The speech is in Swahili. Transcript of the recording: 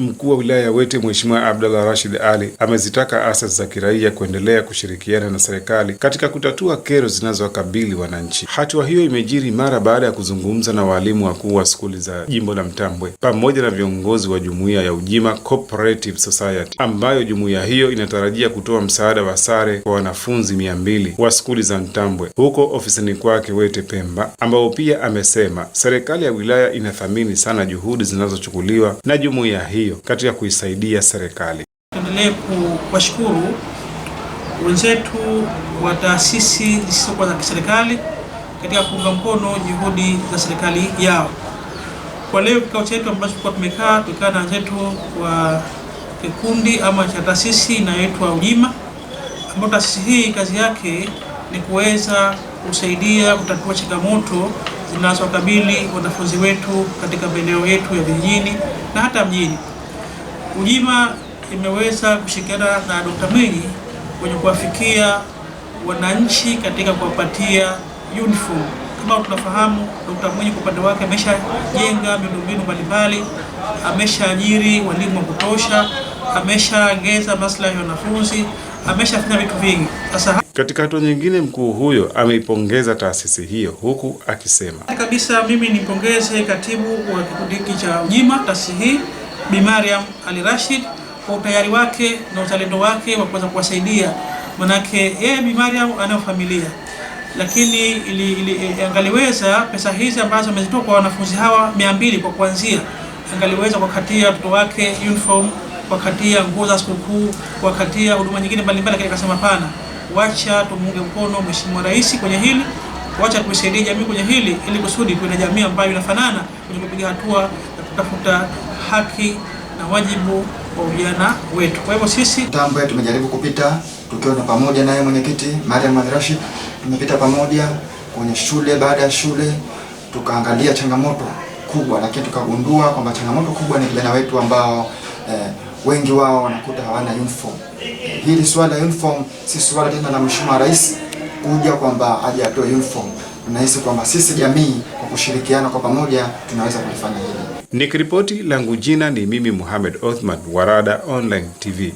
Mkuu wa wilaya ya Wete Mheshimiwa Abdallah Rashid Ali amezitaka asasi za kiraia kuendelea kushirikiana na serikali katika kutatua kero zinazowakabili wananchi. Hatua hiyo imejiri mara baada ya kuzungumza na waalimu wakuu wa skuli za jimbo la Mtambwe pamoja na viongozi wa jumuiya ya Ujima Cooperative Society ambayo jumuiya hiyo inatarajia kutoa msaada wa sare kwa wanafunzi mia mbili wa skuli za Mtambwe huko ofisini kwake Wete Pemba, ambao pia amesema serikali ya wilaya inathamini sana juhudi zinazochukuliwa na jumuiya hiyo hiyo katika kuisaidia serikali. Tuendelee kuwashukuru wenzetu wa taasisi zisizokuwa za kiserikali katika kuunga mkono juhudi za serikali yao. Kwa leo kikao chetu ambacho tulikuwa tumekaa tulikaa na wenzetu wa kikundi ama cha taasisi inayoitwa Ujima, ambayo taasisi hii kazi yake ni kuweza kusaidia kutatua changamoto zinazowakabili wanafunzi wetu katika maeneo yetu ya vijijini na hata mjini ujima imeweza kushirikiana na Dkt. Mwinyi kwenye kuwafikia wananchi katika kuwapatia uniform. Kama tunafahamu, Dkt. Mwinyi kwa upande wake ameshajenga miundombinu mbalimbali, ameshaajiri walimu wa kutosha, ameshaongeza maslahi ya wanafunzi, ameshafanya vitu vingi. Sasa katika hatua nyingine, mkuu huyo ameipongeza taasisi hiyo huku akisema kabisa, mimi nipongeze katibu wa kikundi hiki cha ujima taasisi hii Bi Mariam Ali Rashid kwa utayari wake na uzalendo wake wa kuweza kuwasaidia, manake yeye Bi Mariam anayo familia, lakini ili, ili, angaliweza pesa hizi ambazo amezitoa kwa wanafunzi hawa mia mbili kwa kuanzia, angaliweza kuwakatia watoto wake uniform, kuwakatia nguo za sikukuu, kuwakatia huduma nyingine mbalimbali, lakini akasema hapana, wacha tumuunge mkono Mheshimiwa Rais kwenye hili wacha tuisaidie jamii kwenye hili ili kusudi tuwe na jamii ambayo inafanana kwenye kupiga hatua ya kutafuta haki na wajibu wa ujana wetu. Kwa hivyo sisi tambo tumejaribu kupita tukiwa na pamoja naye mwenyekiti Mariam Rashid, tumepita pamoja kwenye shule baada ya shule, tukaangalia changamoto kubwa, lakini tukagundua kwamba changamoto kubwa ni vijana wetu ambao eh, wengi wao wanakuta hawana uniform. Eh, hili swala la uniform si swala tena la mheshimiwa rais kuja kwamba aje atoe uniform. Tunahisi kwamba sisi jamii kwa kushirikiana kwa pamoja tunaweza kulifanya hili. Nikiripoti langu jina ni mimi Mohamed Othman warada Online TV.